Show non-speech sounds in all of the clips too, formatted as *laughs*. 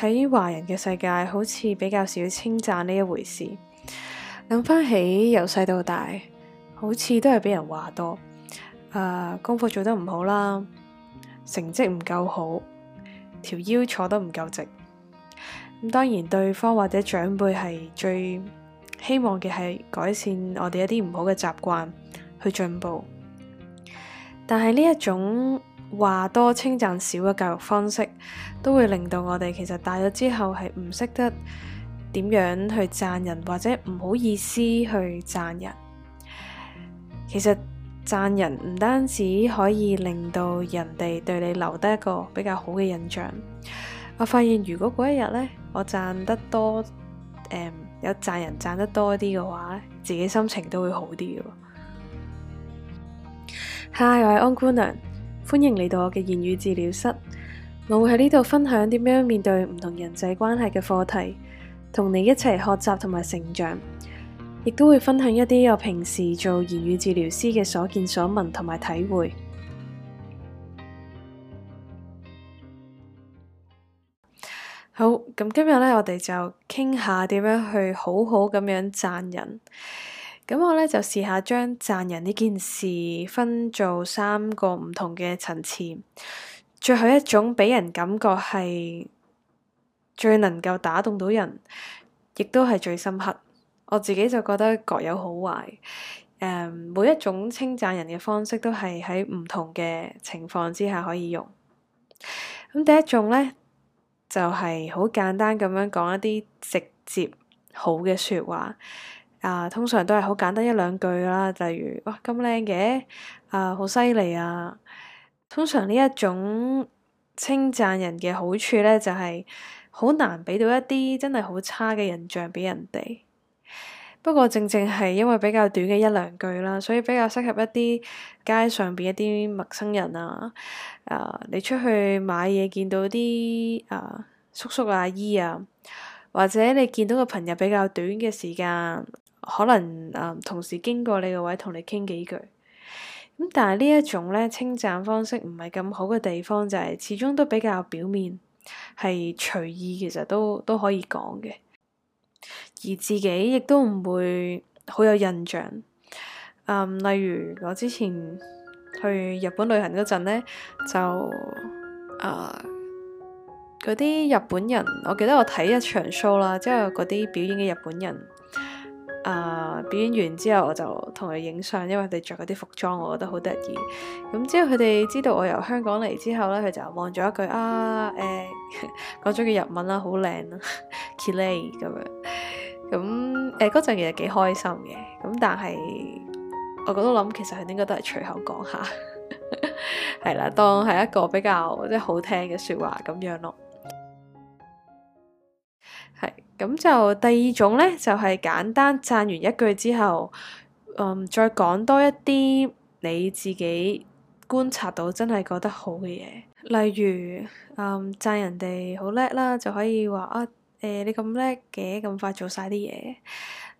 喺華人嘅世界，好似比較少稱讚呢一回事。諗翻起由細到大，好似都係俾人話多。誒、呃，功課做得唔好啦，成績唔夠好，條腰坐得唔夠直。咁當然，對方或者長輩係最希望嘅係改善我哋一啲唔好嘅習慣，去進步。但係呢一種。話多稱讚少嘅教育方式，都會令到我哋其實大咗之後係唔識得點樣去讚人，或者唔好意思去讚人。其實讚人唔單止可以令到人哋對你留得一個比較好嘅印象。我發現如果嗰一日呢，我讚得多，嗯，有讚人讚得多啲嘅話，自己心情都會好啲嘅。Hi，我係安姑娘。歡迎嚟到我嘅言語治療室，我會喺呢度分享點樣面對唔同人際關係嘅課題，同你一齊學習同埋成長，亦都會分享一啲我平時做言語治療師嘅所見所聞同埋體會。好，咁今日呢，我哋就傾下點樣去好好咁樣讚人。咁我咧就試下將讚人呢件事分做三個唔同嘅層次。最後一種俾人感覺係最能夠打動到人，亦都係最深刻。我自己就覺得各有好壞。誒，每一種稱讚人嘅方式都係喺唔同嘅情況之下可以用。咁第一種咧就係、是、好簡單咁樣講一啲直接好嘅説話。啊，通常都係好簡單一兩句啦。例如，哇咁靚嘅啊，好犀利啊。通常呢一種稱讚人嘅好處呢，就係好難俾到一啲真係好差嘅印象俾人哋。不過正正係因為比較短嘅一兩句啦，所以比較適合一啲街上邊一啲陌生人啊。啊，你出去買嘢見到啲啊叔叔阿姨啊，或者你見到個朋友比較短嘅時間。可能誒、嗯、同時經過你個位，同你傾幾句，但係呢一種呢稱讚方式唔係咁好嘅地方，就係、是、始終都比較表面，係隨意，其實都都可以講嘅。而自己亦都唔會好有印象。誒、嗯，例如我之前去日本旅行嗰陣呢，就誒嗰啲日本人，我記得我睇一場 show 啦，即係嗰啲表演嘅日本人。啊！Uh, 表演完之後，我就同佢影相，因為佢哋着嗰啲服裝，我覺得好得意。咁之後佢哋知道我由香港嚟之後咧，佢就望咗一句啊，誒、呃，講咗句日文啦，好靚啦，きれい咁樣。咁誒嗰陣其實幾開心嘅，咁但係我覺得諗其實佢應該都係隨口講下，係 *laughs* 啦，當係一個比較即係、就是、好聽嘅説話咁樣咯。咁就第二種咧，就係、是、簡單讚完一句之後，嗯，再講多一啲你自己觀察到真係覺得好嘅嘢，例如，嗯，讚人哋好叻啦，就可以話啊，誒、呃，你咁叻嘅，咁快做晒啲嘢，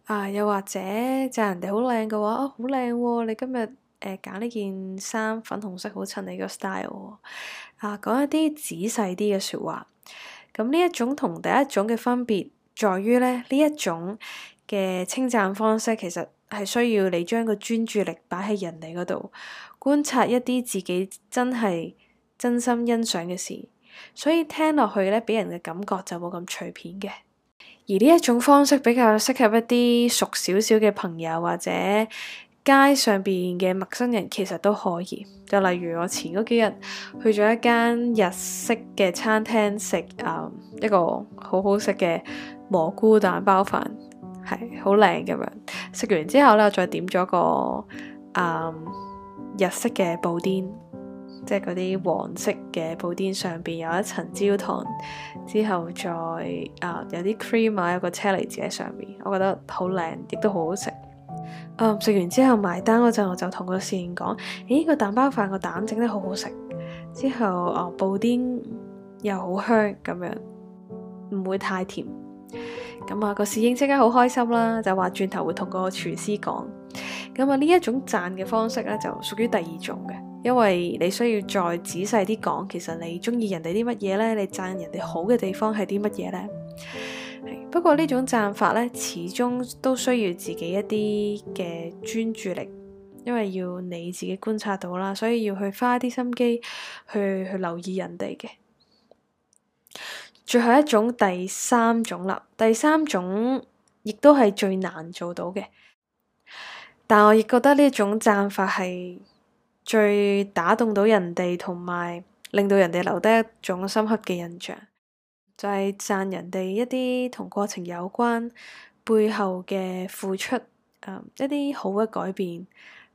啊，又或者讚人哋好靚嘅話，啊，好靚喎，你今日誒揀呢件衫粉紅色好襯你個 style、哦、啊，講一啲仔細啲嘅説話，咁呢一種同第一種嘅分別。在於咧呢一種嘅稱讚方式，其實係需要你將個專注力擺喺人哋嗰度，觀察一啲自己真係真心欣賞嘅事，所以聽落去咧，俾人嘅感覺就冇咁隨便嘅。而呢一種方式比較適合一啲熟少少嘅朋友，或者街上邊嘅陌生人，其實都可以。就例如我前嗰幾日去咗一間日式嘅餐廳食，誒、嗯、一個好好食嘅蘑菇蛋包飯係好靚咁樣，食完之後咧我再點咗個誒、嗯、日式嘅布甸，即係嗰啲黃色嘅布甸上邊有一層焦糖，之後再誒、嗯、有啲 cream 啊，有個車厘子喺上面，我覺得好靚，亦都好好食。誒食完之後埋單嗰陣，我就同個侍應講：咦、欸個蛋包飯個蛋整得好好食，之後誒、嗯、布甸又好香咁樣，唔會太甜。咁啊，個侍應即刻好開心啦，就話轉頭會同個廚師講。咁啊，呢一種讚嘅方式咧，就屬於第二種嘅，因為你需要再仔細啲講，其實你中意人哋啲乜嘢咧，你讚人哋好嘅地方係啲乜嘢咧？不過種讚呢種讚法咧，始終都需要自己一啲嘅專注力，因為要你自己觀察到啦，所以要花去花啲心機去去留意人哋嘅。最後一種，第三種啦，第三種亦都係最難做到嘅，但我亦覺得呢種讚法係最打動到人哋，同埋令到人哋留低一種深刻嘅印象，就係、是、讚人哋一啲同過程有關背後嘅付出，嗯、一啲好嘅改變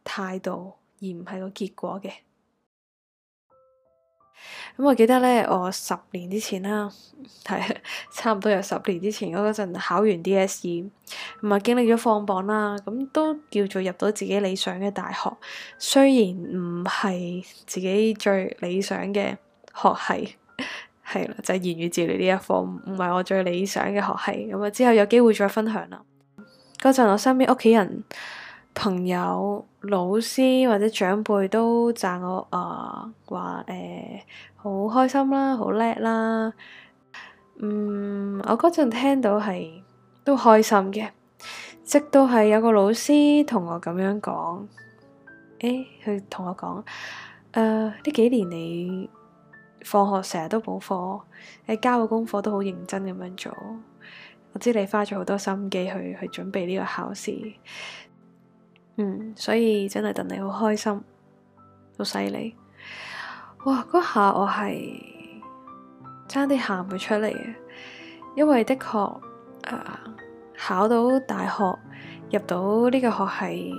態度，而唔係個結果嘅。咁、嗯、我記得咧，我十年之前啦，係、嗯、差唔多有十年之前嗰陣考完 DSE，咁啊經歷咗放榜啦，咁都叫做入到自己理想嘅大學，雖然唔係自己最理想嘅學系，係啦，就係、是、言語治療呢一科，唔係我最理想嘅學系，咁啊之後有機會再分享啦。嗰陣我身邊屋企人。朋友、老師或者長輩都讚我，誒話，誒好開心啦，好叻啦。嗯，我嗰陣聽到係都開心嘅，直到係有個老師同我咁樣講，誒佢同我講，誒、呃、呢幾年你放學成日都補課，你交嘅功課都好認真咁樣做，我知你花咗好多心機去去準備呢個考試。嗯，所以真係戥你好開心，好犀利！哇，嗰下我係差啲喊咗出嚟啊！因為的確、啊、考到大學入到呢個學系，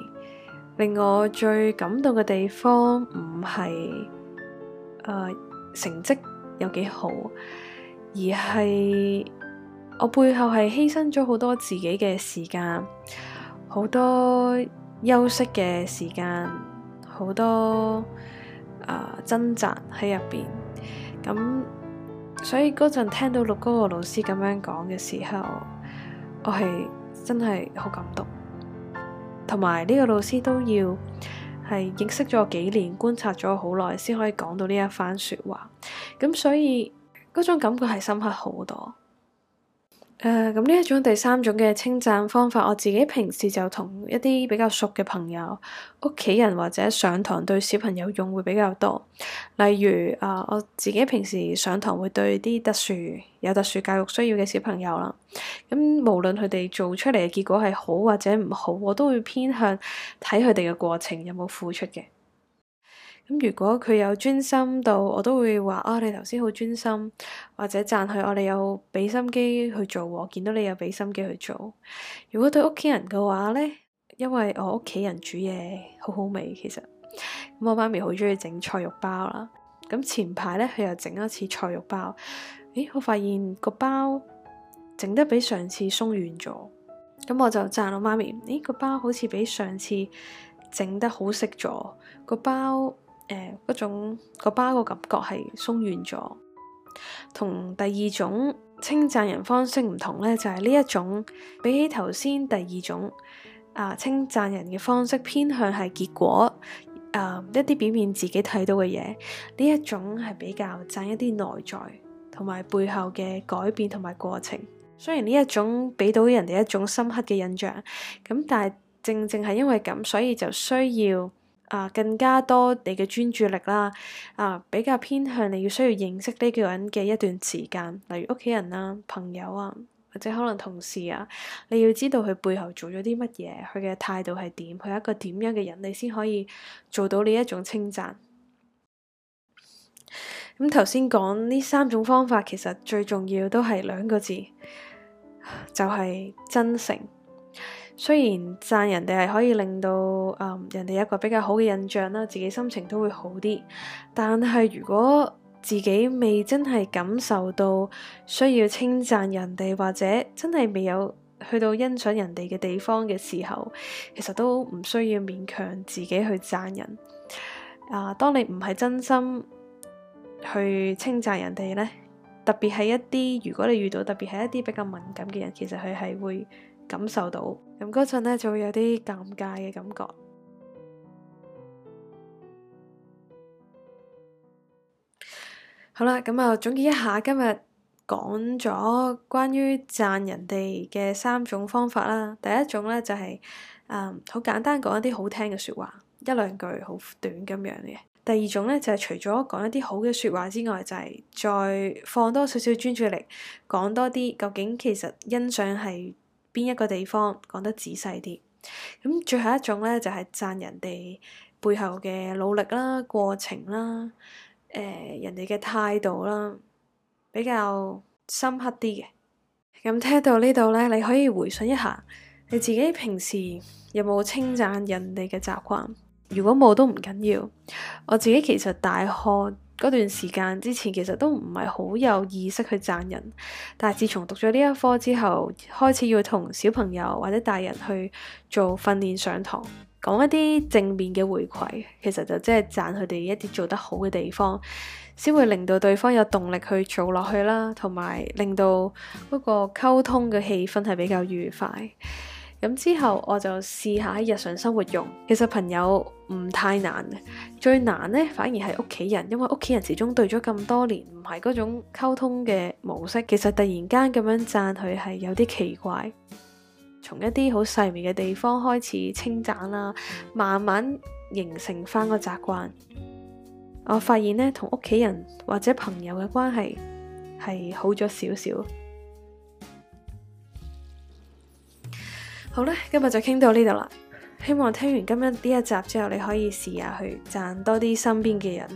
令我最感動嘅地方唔係、啊、成績有幾好，而係我背後係犧牲咗好多自己嘅時間，好多。休息嘅時間好多啊、呃、掙扎喺入邊，咁所以嗰陣聽到六哥個老師咁樣講嘅時候，我係真係好感動，同埋呢個老師都要係認識咗幾年，觀察咗好耐先可以講到呢一番說話，咁所以嗰種感覺係深刻好多。誒，咁呢一種第三種嘅稱讚方法，我自己平時就同一啲比較熟嘅朋友、屋企人或者上堂對小朋友用會比較多。例如誒、呃，我自己平時上堂會對啲特殊有特殊教育需要嘅小朋友啦，咁、嗯、無論佢哋做出嚟嘅結果係好或者唔好，我都會偏向睇佢哋嘅過程有冇付出嘅。咁如果佢有專心到，我都會話啊！你頭先好專心，或者讚佢，我哋有俾心機去做喎，見到你有俾心機去做。如果對屋企人嘅話呢，因為我屋企人煮嘢好好味，其實咁我媽咪好鍾意整菜肉包啦。咁前排呢，佢又整一次菜肉包，咦，我發現個包整得比上次鬆軟咗，咁我就讚我媽咪，咦，個包好似比上次整得好食咗，個包。誒嗰、呃、種個包個感覺係鬆軟咗，同第二種稱讚人方式唔同咧，就係、是、呢一種比起頭先第二種啊稱讚人嘅方式，偏向係結果啊一啲表面自己睇到嘅嘢，呢一種係比較讚一啲內在同埋背後嘅改變同埋過程。雖然呢一種俾到人哋一種深刻嘅印象，咁但係正正係因為咁，所以就需要。啊，更加多你嘅專注力啦，啊，比較偏向你要需要認識呢個人嘅一段時間，例如屋企人啦、啊、朋友啊，或者可能同事啊，你要知道佢背後做咗啲乜嘢，佢嘅態度係點，佢係一個點樣嘅人，你先可以做到呢一種稱讚。咁頭先講呢三種方法，其實最重要都係兩個字，就係真誠。雖然讚人哋係可以令到，嗯、呃，人哋一個比較好嘅印象啦，自己心情都會好啲。但係如果自己未真係感受到需要稱讚人哋，或者真係未有去到欣賞人哋嘅地方嘅時候，其實都唔需要勉強自己去讚人。啊、呃，當你唔係真心去稱讚人哋呢，特別係一啲，如果你遇到特別係一啲比較敏感嘅人，其實佢係會感受到咁，嗰陣咧就會有啲尷尬嘅感覺。 *music* 好啦，咁啊總結一下今日講咗關於讚人哋嘅三種方法啦。第一種咧就係誒好簡單講一啲好聽嘅説話，一兩句好短咁樣嘅。第二種咧就係除咗講一啲好嘅説話之外，就係、是、再放多少少專注力，講多啲究竟其實欣賞係。邊一個地方講得仔細啲？咁最後一種呢，就係讚人哋背後嘅努力啦、過程啦、誒、呃、人哋嘅態度啦，比較深刻啲嘅。咁聽到呢度呢，你可以回想一下你自己平時有冇稱讚人哋嘅習慣？如果冇都唔緊要，我自己其實大學。嗰段時間之前其實都唔係好有意識去讚人，但係自從讀咗呢一科之後，開始要同小朋友或者大人去做訓練上堂，講一啲正面嘅回饋，其實就即係讚佢哋一啲做得好嘅地方，先會令到對方有動力去做落去啦，同埋令到嗰個溝通嘅氣氛係比較愉快。咁之後我就試下喺日常生活用，其實朋友唔太難，最難呢反而係屋企人，因為屋企人始終對咗咁多年，唔係嗰種溝通嘅模式，其實突然間咁樣讚佢係有啲奇怪。從一啲好細微嘅地方開始稱讚啦，慢慢形成返個習慣。我發現呢，同屋企人或者朋友嘅關係係好咗少少。好啦，今日就傾到呢度啦。希望聽完今日呢一集之後，你可以試下去讚多啲身邊嘅人。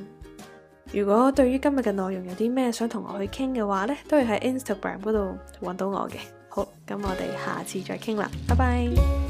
如果對於今日嘅內容有啲咩想同我去傾嘅話呢，都係喺 Instagram 嗰度搵到我嘅。好，咁我哋下次再傾啦，拜拜。